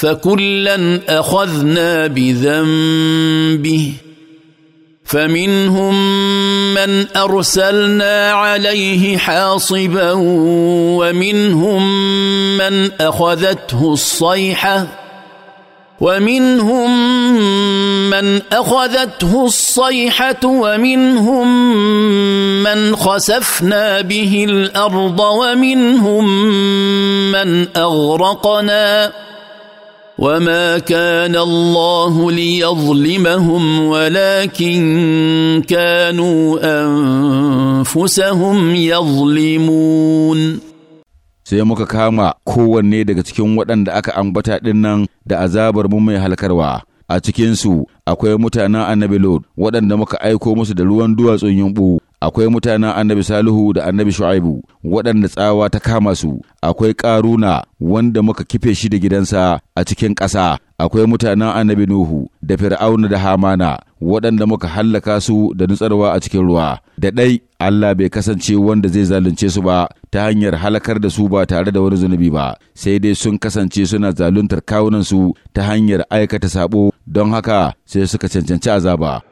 فكلا اخذنا بذنبه فمنهم من ارسلنا عليه حاصبا ومنهم من اخذته الصيحه ومنهم من اخذته الصيحه ومنهم من خسفنا به الارض ومنهم من اغرقنا وما كان الله ليظلمهم ولكن كانوا انفسهم يظلمون sai muka kama kowanne daga cikin waɗanda aka ambata ɗinnan da azabar mu mai halkarwa a cikinsu akwai mutanen annabi lod waɗanda muka aiko musu da ruwan duwatsun yumɓu akwai mutanen annabi Salihu da annabi Shu'aibu waɗanda tsawa ta kama su, akwai ƙaruna wanda muka kife shi da gidansa a cikin ƙasa, akwai mutanen annabi Nuhu da Fir'auna da Hamana waɗanda muka hallaka su da nutsarwa a cikin ruwa, da ɗai Allah bai kasance wanda zai zalunce su ba ta hanyar halakar da su ba tare da wani zunubi ba, sai dai sun kasance suna zaluntar kawunan su ta hanyar aikata sabo don haka sai suka cancanci azaba.